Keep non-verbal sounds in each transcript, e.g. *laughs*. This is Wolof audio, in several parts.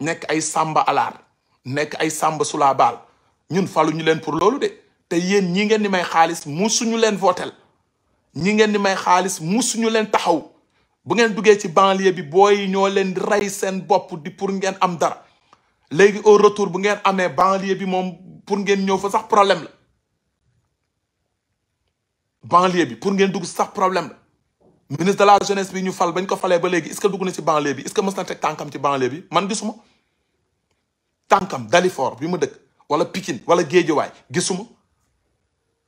nekk ay sàmba alaar nekk ay sàmba sulaa baal ñun ñu leen pour loolu de te yéen ñi ngeen di may xaalis mu suñu leen votel ñi ngeen di may xaalis mu suñu leen taxaw bu ngeen duggee ci banlieue bi booy ñoo leen rey seen bopp di pour ngeen am dara léegi au retour bu ngeen amee banlieue bi moom pour ngeen ñëw fa sax problème la banlieue bi pour ngeen dugg sax problème la ministre de la jeunesse bi ñu fal bañ ko falee ba léegi est-ce que dugg na ci banlieue bi est-ce mës na teg tànkam ci banlieue bi man gisuma tànkam Dalifort bi ma dëkk wala picin wala Géejawaay gisuma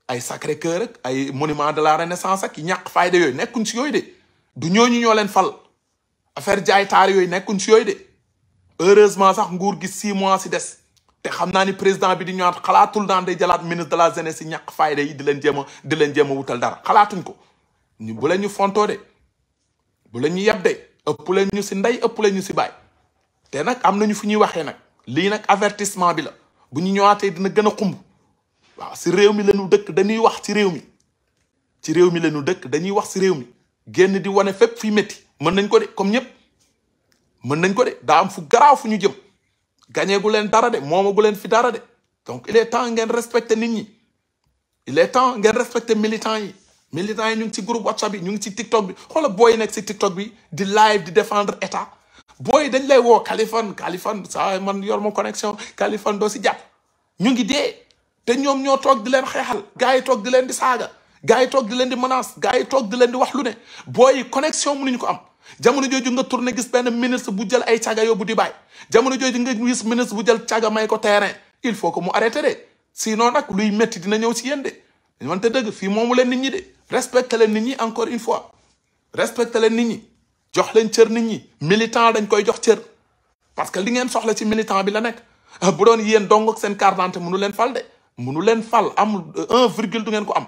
ay Sacré-Cœur ak ay monument de la renaissance ak ñàkk fayda yooyu nekkuñ si yooyu de du ñooñu ñoo leen fal affaire jaay taar yooyu nekkuñ si yooyu de heureusement sax nguur gi six mois ci des te xam naa ni président bi di ñëwaat xalaatul daan day jëlaat ministre de la jeunesse yi ñàkk fayda yi di di leen jéem wutal dara xalaatuñ ko ñu bu leen ñu fontoo de bu leen ñu yeb de ëpp leen ñu si ndey ëpp leen ñu si baay te nag am nañu fu ñuy waxee nag lii nag avertissement bi la bu ñu ñëwaatee dina gën a xumb waaw si réew mi lañu dëkk dañuy wax ci réew mi ci réew mi lañu dëkk dañuy wax si réew mi génn di wane fépp fi métti mën nañ ko de comme ñëpp mën nañ ko de daa am fu garaaw fu ñu jëm gañee gu leen dara de mooma gu leen fi dara de donc il est temps ngeen respecter nit ñi il est temps ngeen respecter militants yi militants yi ñu ngi ci groupe whatsapp bi ñu ngi ci tiktok bi xoola booy nekk ci tiktok bi di live di défendre état booy dañ lay woo Kaliphone Kaliphone saa man yor ma connexion Kaliphone doo si jàpp ñu ngi dee te ñoom ñoo toog di leen xeexal gaa yi toog di leen di saaga gaa yi toog di leen di menace gars yi toog di leen di wax lu ne booy mu mënuñu ko am jamono jooju nga tourné gis benn ministre bu jël ay caga yóbbu di bàyyi jamono jooju nga gis ministre bu jël caga may ko terrain il faut que mu arrêté de sinon nag luy métti dina ñëw si yéen dañu wante dëgg fii moomu leen nit ñi de respecté leen nit ñi encore une fois respecté leen nit ñi jox leen cër nit ñi militant dañ koy jox cër parce que li ngeen soxla ci militant bi la nekk ah, bu doon yéen dong ak seen carte d'identité leen fal de mënu leen fal amul euh, un virgule du ngeen ko am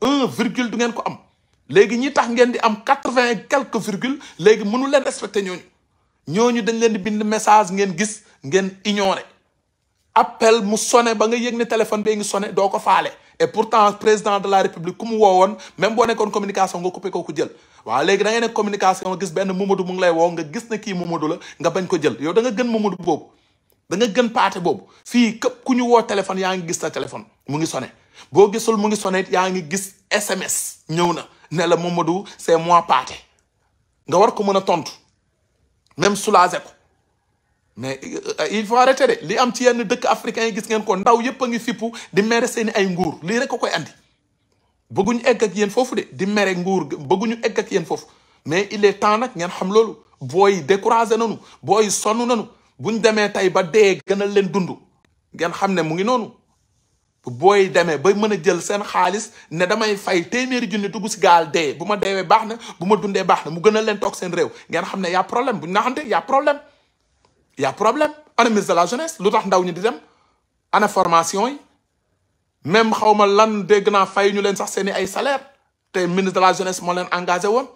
un virgule du ngeen ko am léegi ñi tax ngeen di am quatre-vingt et quelques virgule léegi mënu leen respecté ñooñu ñooñu dañ leen di bind message ngeen gis ngeen ignoré appel mu sone ba nga yëg ne téléphone bee ngi sonné doo ko faale et pourtant président de la république ku mu woowoon même boo nekkoon communication nga coupé ko ko jël waaw léegi da ngay nekk communication gis benn Momadou mu ngi lay woo nga gis ne kii Momadou la nga bañ ko jël yow da nga gën Momadou boobu da nga gën paate boobu fii képp ku ñu woo téléphone yaa ngi gis sa téléphone mu ngi sonné boo gisul mu ngi sonné yaa ngi gis SMS ñëw na ne la Momadou c'est moi paate nga war ko mën a tontu même soulager ko mais euh, il faut arrêter de li am ci yenn dëkk africain yi gis ngeen ko ndaw yëpp a ngi fippu di mere seeni ay nguur lii rek a koy andi bëgguñu egg ak yéen foofu de di mere nguur bëgguñu egg ak yéen foofu mais il est temps nag ngeen xam loolu booy découragé nañu booy nanu bu ñu demee tey ba dee gënal leen dund ngeen xam ne mu ngi noonu booy demee ba mën a jël seen xaalis ne damay fay téeméeri junni dugg si gaal dee bu ma deewee baax na bu ma dundee baax na mu gënal leen toog seen réew ngeen xam ne a problème buñ naxante y' a problème. yaa problème ana ministre de la jeunesse lu tax ndaw ñi di dem ana formation yi même xaw ma lan dégg naa fay ñu leen sax seeni ay salaire te ministre de la jeunesse moo leen engagé woon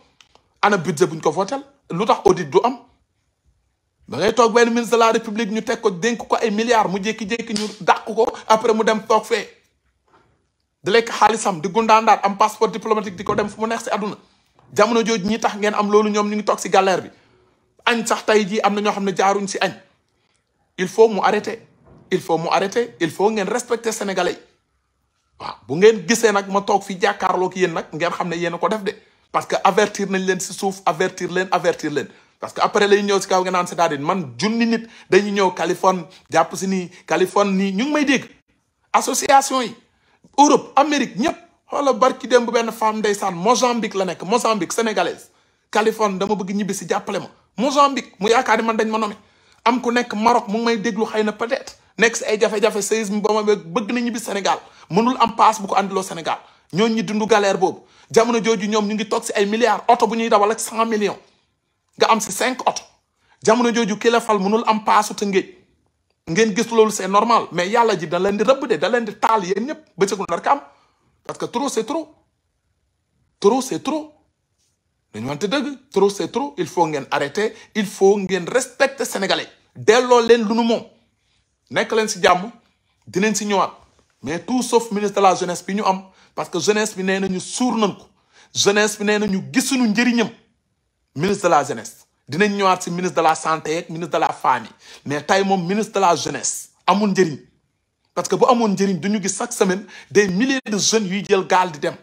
ana budget buñ ko votel lu tax audit du am da ngay toog benn ministre de la république ñu teg ko dénk ko ay milliards mu jékki-jékki ñu dàq ko après mu dem toog fee di lekk xaalisam di gundaandaat am passeport diplomatique di ko dem fu mu neex si àdduna jamono jooju ñi tax ngeen am loolu ñoom ñu ngi si galère bi añ sax tey jii am na ñoo xam ne jaaruñ si añ il faut mu arrêter il faut mu arrêter il faut ngeen respecter sénégalais yi bu ngeen gisee nag ma toog fi jàkkaarlook yéen nag ngeen xam ne yéen ko def de parce que avertir nañ leen si suuf avertir leen avertir leen parce que après lay ñëw si kaw nga naan cest man junni nit dañuy ñëw Californie jàpp si nii Californie nii ñu may dégg association yi Europe Amérique ñëpp xoola barki dem bu benn femme ndeysaan Mozambique la nekk Mozambique sénégalaise dama bëgg ñibbi si jàppale ma Mozambique mu yaakaar ni man dañ ma nommé am ku nekk Maroc mu ngi may déglu xëy na peut-être nekk si ay jafe-jafe séisme bëgg na ñibbi Sénégal mënul am paas bu ko andiloo Sénégal ñooñ ñi dund galère boobu jamono jooju ñoom ñu ngi toog si ay milliards oto bu ñuy dawal ak cent millions nga am si cinq oto jamono jooju ki la fal mënul am paasu te ngéej ngeen gis loolu c'est normal mais yàlla ji da leen di rëbb de da leen di taal yéen ñëpp bëccëgu ndar ka am parce que trop c'est trop trop c'est dañu wante dëgg trop c'est trop il faut ngeen arrêter il faut ngeen respecter sénégalais delloo leen lu nu moom nekk leen si jàmm dinañ si ñëwaat mais tout sauf ministre de la jeunesse bi ñu am parce que jeunesse bi nee nañu suur nañ ko jeunesse bi nee ñu gisuñu njëriñam ministre de la jeunesse dinañ ñëwaat si ministre de la santé ak ministre de la famille mais tey moom ministre de la jeunesse amul njëriñ parce que bu amoon njëriñ du ñu gis chaque semaine des milliers de jeunes yuy jël gaal di dem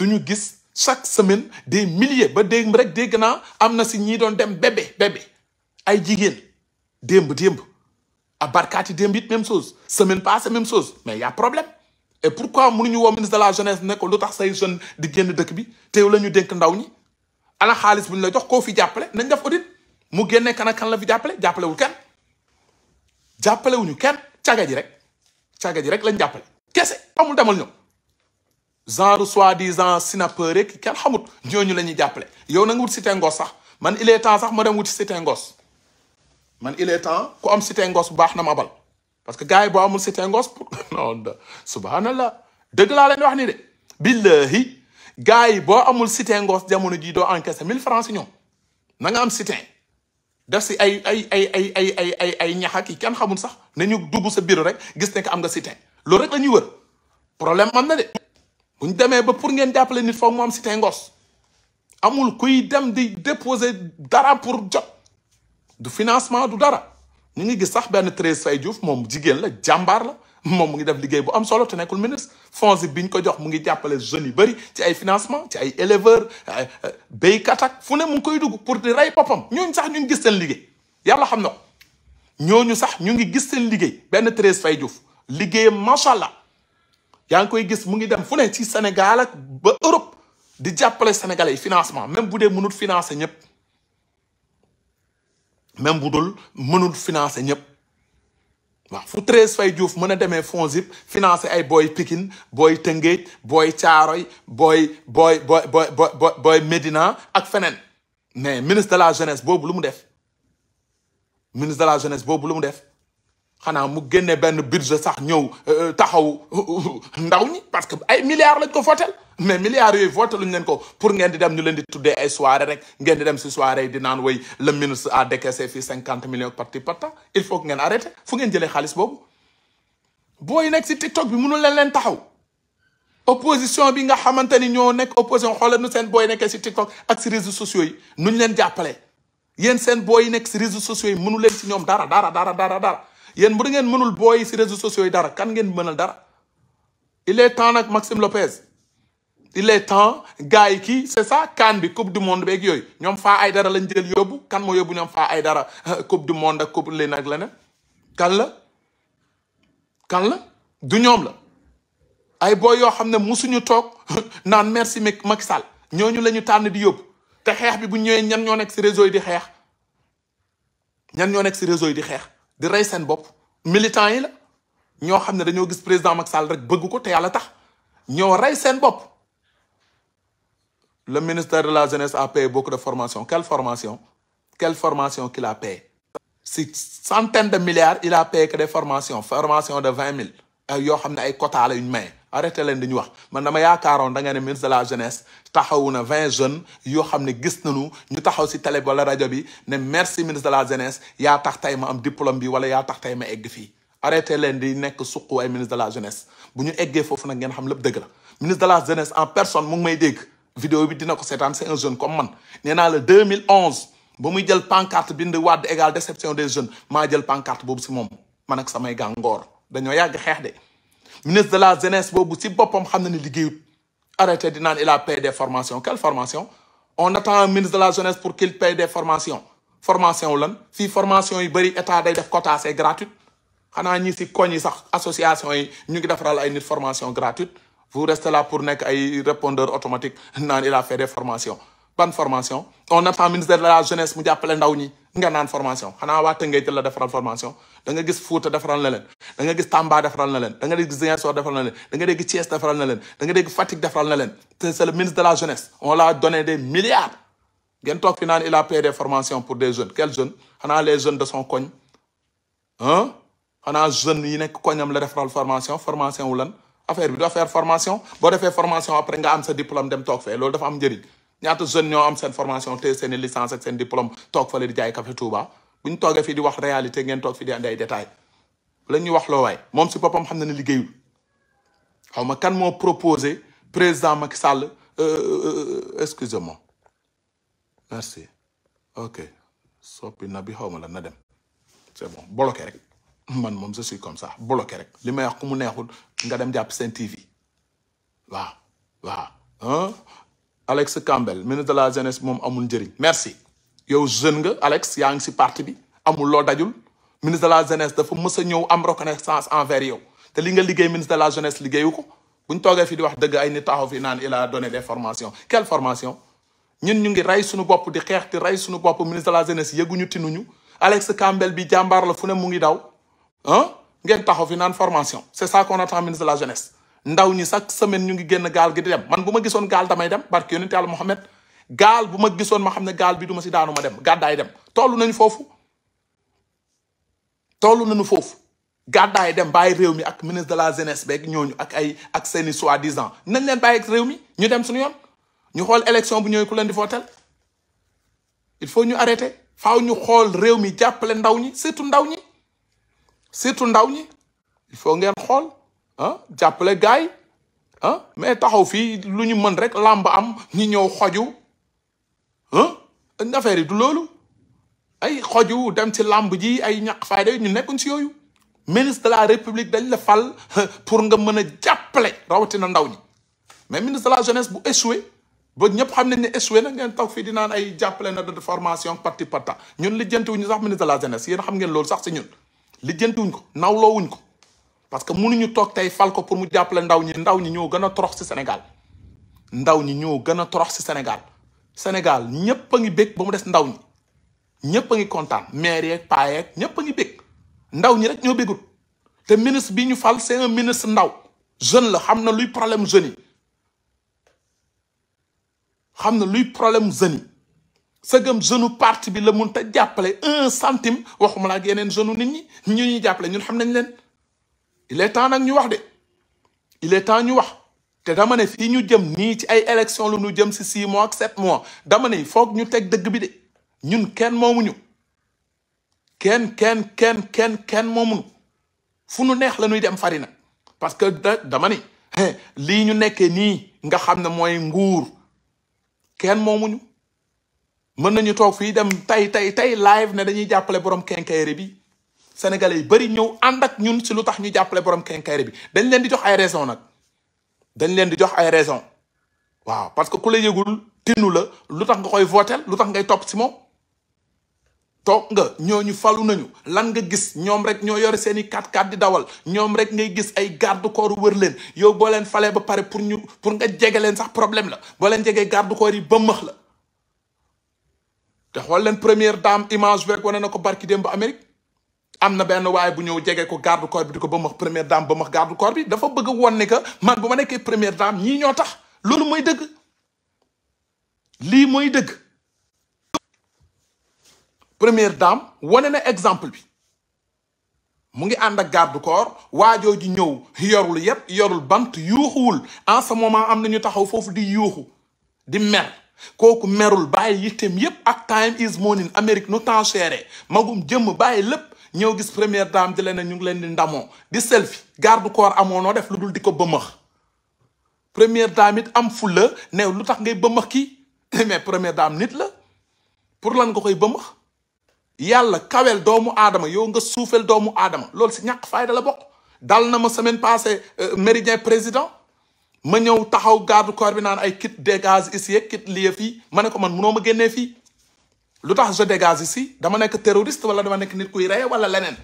du ñu gis chaque semaine des milliers ba dégg rek dégg naa am na si ñi doon dem bébé bébé ay jigéen démb démb ab barkaati démb it même chose semaine passée même chose mais y a problème et pourquoi ñu woo ministre de la jeunesse nekkoo lu tax say jeune di génn dëkk bi te la ñu dénk ndaw ñi ana xaalis bu ñu la jox koo fi jàppale nañ def audit mu génne kan ak kan la fi jàppale jàppalewul kenn jàppalewuñu kenn caga ji rek caga ji rek lañ jàppale kese amul demal ñoom genre soi-disant sinapeur rek kenn xamut ñooñu la ñuy jàppale yow na nga wut cité ngos sax man il est temps sax ma dem wuti cité ngos man il est temps ku am cité ngos bu baax na ma bal parce que gars yi boo amul cité ngos pour *laughs* non subhanallah dëgg laa leen wax ni de billahi gars yi boo amul site ngos jamono jii doo encaissé mille francs si ñoom na am cité def si ay ay ay ay ay ay ay ay ñax yi kenn xamul sax nañu dugg sa bureau rek gis ne que am nga cité lool rek la ñuy wër problème am na de bu ñu demee ba pour ngeen jàppale nit foog mu am cité ngos amul kuy dem di déposer dara pour jot du financement du dara ñu ngi gis sax benn Thérèse Faye Diouf moom jigéen la jàmbaar la moom mu ngi def liggéey bu am solo te nekkul ministre fonds bi ñu ko jox mu ngi jàppale jeunes yu bëri ci ay financement ci ay éleveur béykat ak fu ne mu ngi koy dugg pour di rey boppam ñooñu sax ñu ngi gis seen liggéey yàlla xam na ko ñooñu sax ñu ngi gis seen liggéey benn Thérèse Faye Diouf liggéeyam macha allah yaa ngi koy gis mu ngi dem fu ne ci Sénégal ak ba Europe di jàppale sénégalais yi financement même bu dee mënut financer ñëpp même bu dul mënul financer ñëpp waaw fu Thérèse Faye Diouf mën a demee FONGIP financer ay booy pikin booy Tëngéej booy Caaroy booy booy booy booy booy Médina ak feneen mais ministre de la jeunesse boobu lu mu def ministre de la jeunesse boobu lu mu def xanaa mu génne benn budget sax ñëw euh, euh, taxaw euh, ndaw ñi parce que ay milliards lañ ko votel mais milliards yooyu voté luñ leen ko pour ngeen di dem ñu leen di tuddee ay soirée rek ngeen di dem si soirée di naan way le ministre a décaissé fii cinquante millions parti parta il faut que ngeen arrêté fu ngeen jëlee xaalis boobu booy nekk si TikTok bi mënul leen leen taxaw opposition bi nga xamante ni ñoo nekk opposition xoolal nu seen booy nekkee si TikTok ak si réseaux sociaux yi nuñ leen jàppale yéen seen booy nekk si réseaux sociaux yi mënu leen ñoom dara dara dara dara dara yéen bu ngeen mënul booy si réseaux sociaux yi dara kan ngeen mënal dara il est temps nag Maxime Lopez il est temps gars yi kii c'est ça kaan bi coupe du monde beeg yooyu ñoom faa ay dara lañ jël yóbbu kan moo yóbbu ñoom faa ay dara *laughs* coupe du monde ak coupe leen ak leneen kan la kan la du ñoom la ay booy yoo xam ne musuñu toog *laughs* naan merci Macky Sall ñooñu la ñu tànn di yóbbu te xeex bi bu ñëwee ñan ñoo nekk si réseau di xeex ñan ñoo nekk si réseau yi di xeex di rey seen bopp militant yi la ñoo xam ne dañoo gis président Macky Sall rek bëgg ko te yàlla tax ñoo rey seen bopp le ministère de la jeunesse à payé beaucoup de formation quelle formation quelle formation qu'il a payé si centaine de milliards il a payé que des formations formation de vingt mille euh, yoo xam ne ay quota la yu ñu arrêté leen di ñu wax man dama yaakaaroon da nga ne ministre de la jeunesse taxawu na vingt jeunes yoo xam ne gis nañu ñu taxaw si télé wala rajo bi ne merci ministre de la jeunesse yaa tax tey ma am diplôme bi wala yaa tax tey ma egg fii arrêté leen di nekk suqu ay ministre de la jeunesse bu ñu eggee foofu nag ngeen xam lépp dëgg la ministre de la jeunesse en personne mu may dégg vidéo bi dina ko seetaan c'est un jeune comme man nee naa la 2011 ba muy jël bind Wade égal déception des jeunes maa jël pancarte boobu si moom man ak samay gàngoor dañoo yàgg xeex de ministre de la jeunesse boobu si boppam xam na ne liggéeyut arrêté di naan il a payé des quelle formation on attend un ministre de la jeunesse pour qu'il paye des formations formation lan fii formation yi bëri état day def quota c'est gratuite xanaa ñi si koñ yi sax association yi ñu ngi defaral ay nit formation gratuite vous restez là pour nekk ay répondeur automatique naan il a fait des formations ban formation on attend ministre de la jeunesse mu jàppale ndaw ñi nga naan formation xanaa waa Tëngéej la defaral formation da nga gis Fuuta defaral na leen da nga gis Tamba defaral na leen da nga gis Ziguinchor defaral na leen da nga nga dégg Fatick defaral na leen te c'est le ministre de la jeunesse on l'a donné des milliards ngeen toog des formations pour des jeunes quels jeunes xanaa les jeunes de son koñ xanaa jeunes yi nekk koñam la defaral formation formation wu lan affaire bi du affaire formation boo defee formation après nga am sa diplôme dem toog fee loolu dafa am njëriñ ñaata jeunes ñoo am seen formation te seen i licence ak seen diplôme toog fële di jaay café Touba bu toogee fii di wax réalité ngeen toog fii di andi ay détails la ñuy wax loo waay moom si boppam xam na ne xaw ma kan moo proposé président Macky Sall euh, euh, euh, excusez soppi na bi xaw ma la na dem c'est bon bloqué rek man moom je suis comme ça bloqué rek li may wax ku mu neexul nga dem jàpp seen TV waaw waaw Alex Campbell ministre de la jeunesse moom amul njëriñ merci yow jeune nga Alex yaa ngi si parti bi amul loo dajul ministre de la jeunesse dafa mës a ñëw am reconnaissance envers yow te li nga liggéey ministre de la jeunesse liggéeyu ko bu ñu toogee fi di wax dëgg ay nit taxaw fi naan il a donné des quelle formation ñun ñu ngi rey suñu bopp di xeex di rey suñu bopp ministre de la jeunesse yëguñu tinuñu Alex Campbell bi jàmbaar la fu ne mu ngi daw ah ngeen taxaw fi naan formation c'est ça qu'on ndaw ñi chaque semaine ñu ngi génn gaal gi di dem man bu ma gisoon gaal damay dem barke yonent Yàlla Muhammad gaal bu ma gisoon ma xam ne gaal bi du ma si ma dem gàddaay dem toll nañu foofu toll nañu foofu gàddaay dem bàyyi réew mi ak ministre de la jeunesse beeg ñooñu ak ay ak seeni soi-disant nañ leen bàyyi réew mi ñu dem suñu yoon ñu xool élection bu ñëwee ku leen di votel il faut ñu arrêté faaw ñu xool réew mi jàppale ndaw ñi surtout ndaw ñi surtout ndaw ñi il faut ngeen xool ah jàppale gaay ah mais taxaw fii lu ñu mën rek làmb am ñi ñëw xoju ah affaire yi du loolu ay xoju dem ci làmb ji ay ñàkk fayda ñu nekkuñ si yooyu ministre de la république dañ la fal ah, pour nga mën a jàppale rawatina ndaw ñi mais ministre de la jeunesse bu échoué ba ñëpp xam nañ ni échoué na ngeen toog fii di naan ay jàppale na de formation parti parta ñun lijjantiwuñu sax ministre de la jeunesse yéen xam ngeen loolu sax si ñun lijjantiwuñ ko nawloowuñ ko parce que mënuñu toog tey fal ko pour mu jàppale ndaw ñi ndaw ñi ñoo gën a torox ci Sénégal ndaw ñi ñoo gën a torox ci Sénégal Sénégal ñëpp a ngi bég ba mu des ndaw ñi ñëpp a ngi kontaan maire yeeg paa ñëpp a ngi bég ndaw ñi rek ñoo bégul te ministre bi ñu fal c'est un ministre ndaw jeune la xam na luy problème jeune yi xam na luy problème jeunes yi sëgëm jeune parti bi la mun te jàppale un centime waxuma la ak yeneen jeune nit ñi ñu ñuy jàppale ñun xam nañ leen. il est temps nag ñu wax de il est temps ñu wax te dama ne fii ñu jëm nii ci ay élection lu ñu jëm si six mois ak mois dama ne foog ñu teg dëgg bi de ñun kenn moomuñu kenn kenn kenn kenn kenn moomuñu fu nu neex la ñuy dem farina parce que dama ne lii ñu nekkee nii nga xam ne mooy nguur kenn moomuñu mën nañu toog fii dem tey tey tey live ne dañuy jàppale borom quincaillerie bi sénégalais yi bëri ñëw ànd ak ñun si lu tax ñu jàppale borom kenkayri bi dañ leen di jox ay raison nag dañ leen di jox ay raison waaw parce que ku la yëgul tinu la lu tax nga koy votel lu tax ngay topp si moom toog nga ñooñu falu nañu lan nga gis ñoom rek ñoo yore seen i kat kat di dawal ñoom rek ngay gis ay garde corps wër leen yow boo leen falee ba pare pour ñu pour nga jege leen sax problème la boo leen jegee garde corps yi ba max la te xool leen première dame image rek wane na ko barki dem ba Amérique am na benn waaye bu ñëw jege ko garde corps bi di ko ba max première dame ba max garde corps bi dafa bëgg woon ni que man bu ma nekkee première dame ñii ñoo tax loolu mooy dëgg lii mooy dëgg première dame wane na exemple bi mu ngi ànd ak garde corps waajoo ji ñëw yorul yépp yorul bant yuuxuwul en ce moment am na ñu taxaw foofu di yuuxu di mer kooku merul bàyyi yitteem yépp ak time is money Amérique nu temps chéré magum jëmm bàyyi lépp ñëw gis première dame di leen ñu ngi leen di ndamoo di selfie garde corps amoo noo def lu dul di ko bëmmax première dame it am fulla ne lu tax ngay bëmmax ki *laughs* mais première dame nit la pour lan nga koy bëmmax yàlla kawel doomu aadama yow nga suufeel doomu aadama loolu si ñàkk fayda la bokk dal na ma semaine passée euh, méridien président ma ñëw taxaw garde corps bi naan ay kit dégage ici kit lié fii ma ne ko man munoo ma génnee fii lu tax je dégage ici dama nekk terroriste wala dama nekk nit kuy rey wala leneen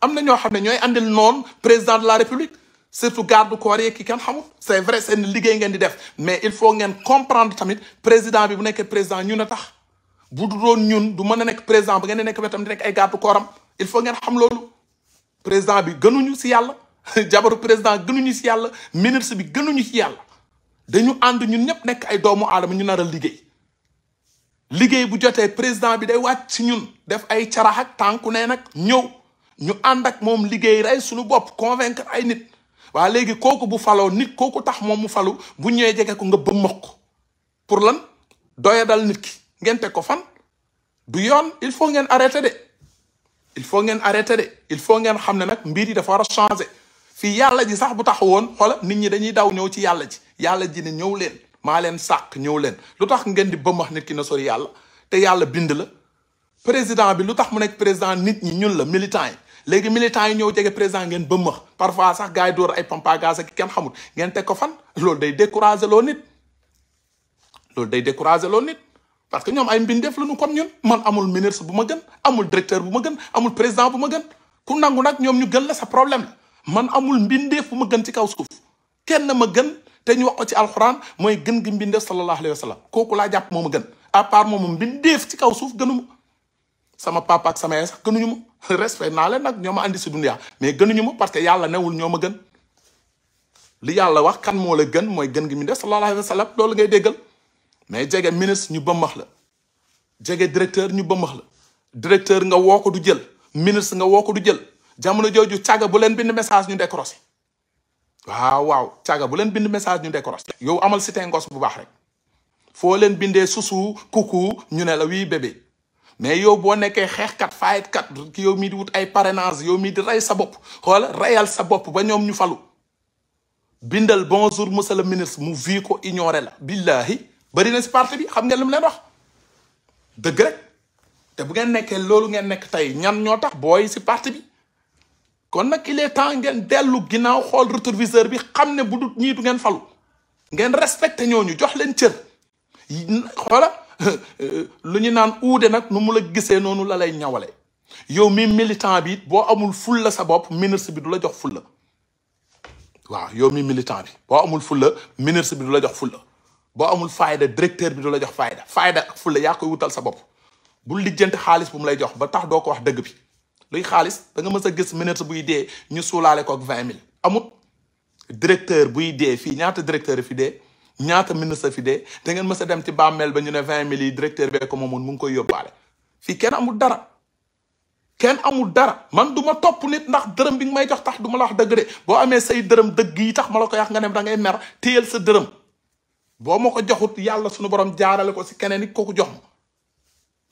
am na ñoo xam ne ñooy andil noon président de la république surtout garde corps yi ki kenn xamul c'est vrai seen liggéey ngeen di def mais il faut ngeen comprendre tamit président bi bu nekkee président ñun a tax bu doon ñun du mën a nekk président ba ngeen di nekk wetam di nekk ay garde corps am il faut ngeen xam loolu président bi gënuñu si yàlla *laughs* jabaru président gënuñu si yàlla ministre bi gënuñu si yàlla dañu ànd ñun ñëpp nekk ay doomu aadama ñu nar liggéey liggéey bu jotee président bi day wàcc ci ñun def ay carax tànku nee nag ñëw ñu ànd ak moom liggéey rey suñu bopp convaincre ay nit waa léegi kooku bu faloo nit kooku tax moom mu falu bu ñëwee jege ko nga bëmmax pour lan doyadal nit ki ngente ko fan bu yoon il faut ngeen arrêté de il faut ngeen arrêté il faut ngeen xam ne nag mbir yi dafa war a changé fii yàlla ji sax bu tax woon xoola nit ñi dañuy daw ñëw ci yàlla ji yàlla ji ne ñëw leen maa leen sàq ñëw leen lu tax ngeen di bëmbax nit ki na sori yàlla te yàlla bind la président bi lu tax mu nekk président nit ñi ñun la militant yi léegi militant yi ñëw jege président ngeen bëmbax parfois sax gars yi door ay pompe à gaz ak kenn xamul ngeen teg ko fan loolu day décourager loo nit loolu day décourager loo nit parce que ñoom ay mbindeef la ñu comme ñun man amul ministre bu ma gën amul directeur bu ma gën amul président bu ma gën ku nangu nag ñoom ñu gën la sa problème la man amul mbindeef bu ma gën ci kaw suuf kenn ma gën te ñu wax ko ci alxuraan mooy gën gi mbindeef sallallahu alayhi wa sallam kooku laa jàpp moom a gën à part moom mbindeef ci kaw suuf gënuma sama papa ak sama yaay sax gënuñu *laughs* respect naa leen nag ñoo ma andi si duniyaa mais gënuñu ma parce que yàlla newul ñoo a gën li yàlla wax kan moo la gën mooy gën gi mbindeef sallallahu alayhi wa sallam loolu ngay déggal mais jege ministre ñu bëmmax la jege directeur ñu bëmmax la directeur nga woo ko du jël ministre nga woo ko du jël jamono jooju càgg leen bind message ñu décroché waaw ah, waaw caaga bu leen bind message ñu décroche yow amal site tengos bu baax rek foo leen bindee susu kuku ñu ne la wii bébé mais yow boo nekkee xeexkat faayetkat ki yow mii di wut ay parrainage yow mii di rey sa bopp xoola reyal sa bopp ba ñoom ñu falu bindal bonjour monsieur le ministre mu vi ko ignoré la billahi bëri na si parti bi xam ngeen lu mu leen wax dëgg rek te bu ngeen nekkee loolu ngeen nekk tey ñan ñoo tax booy si parti bi kon nag il temps ngeen dellu ginnaaw xool rétroviseur bi xam ne bu du ñii du ngeen fal ngeen respecté ñooñu jox leen cër xoola *laughs* lu ñu naan uude nag nu mu la gisee noonu la lay ñawale yow mi militant bi it boo amul fulla sa bopp ministre bi du la jox fulla waaw yow mi militant bi boo amul fulla ministre bi du la jox fulla boo amul fayda directeur bi du la jox fayda fayda ak fulla yaa koy wutal sa bopp bul lijjanti xaalis bu mu lay jox ba tax doo ko wax dëgg bi luy xaalis da nga mës a gis ministre buy dee ñu suulaale ko ak vingt mille amut directeur buy dee fii ñaata directeur fi dee ñaata ministre fi dee da ngeen mës a dem ci bàmmeel ba ñu ne vingt mille yi directeur bee ko moomoon mu ngi koy yóbbaale fii kenn amul dara kenn amul dara man du ma topp nit ndax dërëm bi nga may jox tax du ma la wax dëgg de boo amee say dërëm dëgg yi tax ma la ko yàq nga dem da ngay mer téyel sa dërëm boo ma ko joxut yàlla suñu borom jaarale ko si keneen it kooku jox ma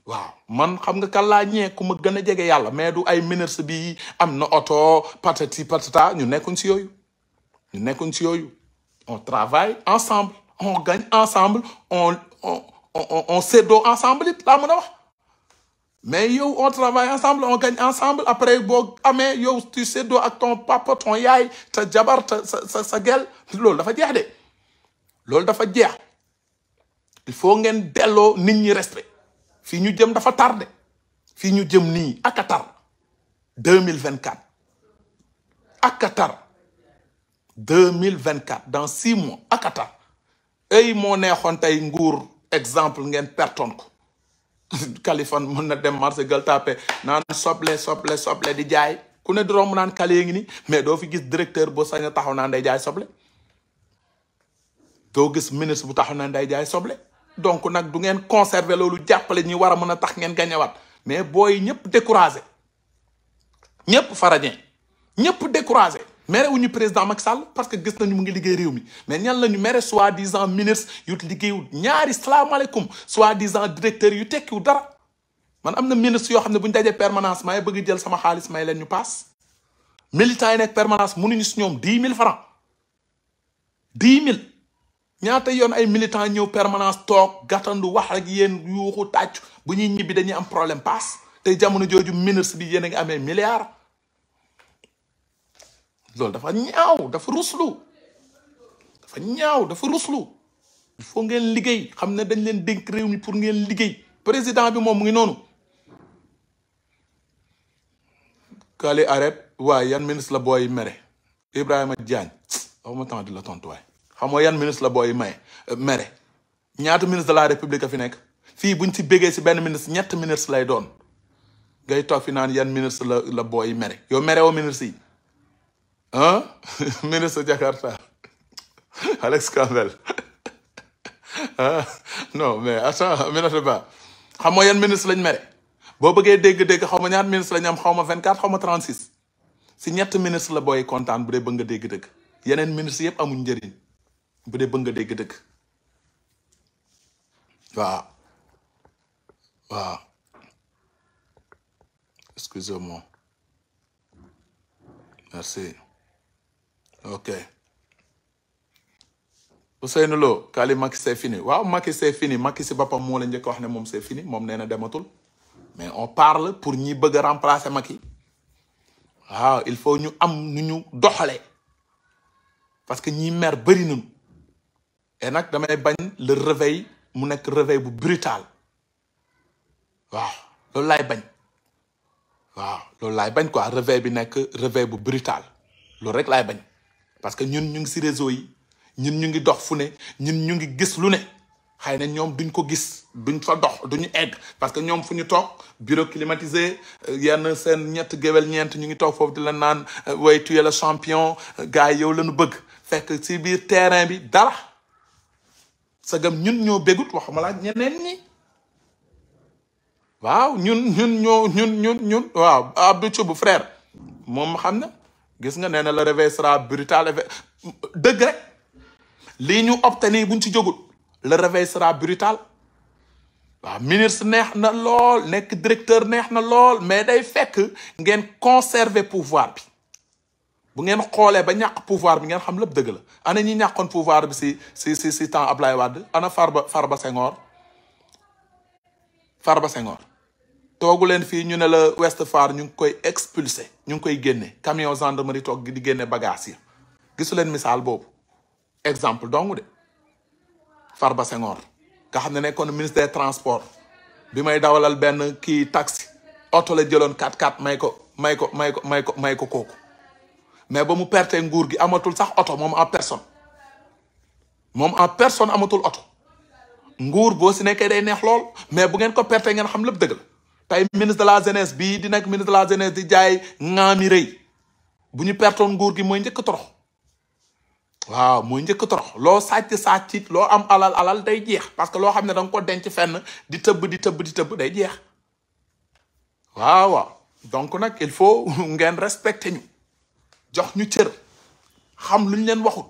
waaw man xam nga kan laa ñee ku ma gën a jege yàlla mais du ay ministre bi am na oto patati patata ñu nekkuñ si yooyu ñu nekkuñ si yooyu on travaille ensemble on gagne ensemble on on on on séddoo ensemble it laa mën a wax yow on travaille ensemble on gagne ensemble après boo amee yow tu séddoo ak ton papa yaay ta jabar ta sa sa sa gel loolu dafa jeex de loolu dafa jeex il faut ngeen delloo nit ñi respect. fii ñu jëm dafa tardé fii ñu jëm nii ak a deux mille vingt quatre ak a deux mille vingt quatre dans six mois ak a tar ay moo neexoon tey nguur exemple ngeen perton ko *laughs* Kaliphone mën na dem marché Gueule Tapée naan soble soble soble di jaay ku ne dorom naan kale ngi nii mais doo fi gis directeur boo sañ a taxaw naa day jaay soble doo gis ministre bu taxaw naan day jaay soble. donc nag du ngeen conserver loolu jàppale ñi war a mën a tax ngeen gañewaat mais booy ñëpp découragé ñëpp farañee ñëpp découragé mere wuñu président Macky Sall parce que gis nañu mu ngi liggéey réew mi mais ñan la ñu mere soi-disant ministre yu liggéeyu ñaari salaamaaleykum soi-disant directeur yu tekkiwu dara man am na ministre yoo xam ne bu ñu dajee permanence may bëgg jël sama xaalis may leen ñu paas militants yi nekk permanence mënuñu si ñoom dix mille francs dix mille ñaata yoon ay militant ñëw permanence toog gàttandu wax ak yéen yuuxu tàcc bu ñuy ñibbi dañuy am problème paas te jamono jooju ministre bi yéen a ngi amee milliard loolu dafa ñaaw dafa ruslu dafa ñaaw dafa ruslu il ngeen liggéey xam ne dañ leen dénk réew mi pour ngeen liggéey président bi moom mu ngi noonu Kali Arep waaye yan ministre la booy mere Ibrahima Diagne aw ma temps di la tontuwaay xam nga yan ministre la booy may euh, mere ñaata ministre de la république a fi nekk fii buñ ci bégee si benn ministre ñett ministre lay doon ngay toog fi naan yan ministre la la booy mere yow mere woo ministre yi ah *laughs* ministre Jakarta *laughs* Alex Campbell ah *laughs* non mais attends ba xam nga yan lañ mere boo bëggee dégg-dégg xaw ma ñaata ministre lañ am xaw ma 24 xaw ma 36 si ñett ministre la booy kontaan bu dee bëgg nga dégg-dégg yeneen ministre yëpp amuñ njëriñ. bu dee bëgg nga dégg dëgg waaw waaw excusez-moi merci ok Ousseynou Lo Kali Macky c'est fini waaw Macky c'est fini Macky si bappam moom la njëkk wax ne moom c'est fini moom nee na dematul mais on parle pour ñi bëgg a remplacer Macky waaw il faut ñu am nu ñu doxalee parce que ñi mer bëri nañu et nag damay bañ le réveil mu nekk réveil bu brutal waaw loolu laay bañ waaw loolu laay bañ quoi réveil bi nekk réveil bu brutal loolu rek laay bañ parce que ñun ñu ngi si réseau yi ñun ñu ngi dox fu ne ñun ñu ngi gis lu ne xëy na ñoom duñ ko gis duñ fa dox duñu egg parce que ñoom fu ñu toog bureau climatisé euh, yenn seen ñett géwél ñeent ñu ngi toog foofu di la naan way euh, tu es champion euh, gars yow la ñu bëgg fekk si biir terrain bi dara sagam ñun ñoo bégut waxuma laa ñeneen ñi waaw ñun ñun ñoo ñun ñun ñun waaw Abdou bu frère moom xam na gis nga nee na le réveil sera brutal dëgg rek lii ñu obtenir buñ ci jógul le réveil sera brutal waaw ministre neex na lool nekk directeur neex na lool mais day fekk ngeen conserver pouvoir bi bu ngeen xoolee ba ñàkk pouvoir bi ngeen xam lépp dëgg la ana ñi ñàkkoon pouvoir bi si si si si temps Ablaye Wade ana Farba ba Senghor Farba Senghor toogu leen fii ñu ne la Ouest Foire ñu ngi koy expulsé ñu ngi koy génne camion gendarmerie toog di génne bagage yi gisuleen leen misaal boobu exemple dong de Farba Senghor nga xam ne nekkoon ministre des transports bi may dawalal benn kii taxi oto la jëloon 4x4 ko may ko may ko may ko may ko kooku mais ba mu perte nguur gi amatul sax oto moom en personne moom en personne amatul oto nguur boo si nekkee day neex lool mais bu ngeen ko perte ngeen xam lépp dëgg la tey ministre de la jeunesse bii di nekk ministre de la jeunesse di jaay ŋaami rëy bu ñu pertoon nguur gi mooy njëkk torox waaw mooy njëkk torox loo sàcc sàccit loo am alal alal day jeex parce que loo xam ne da nga ko denc fenn di tëbb di tëbb di tëbb day jeex waaw waaw donc nag il faut *laughs* ngeen respecter ñu. jox ñu cër xam luñ leen waxut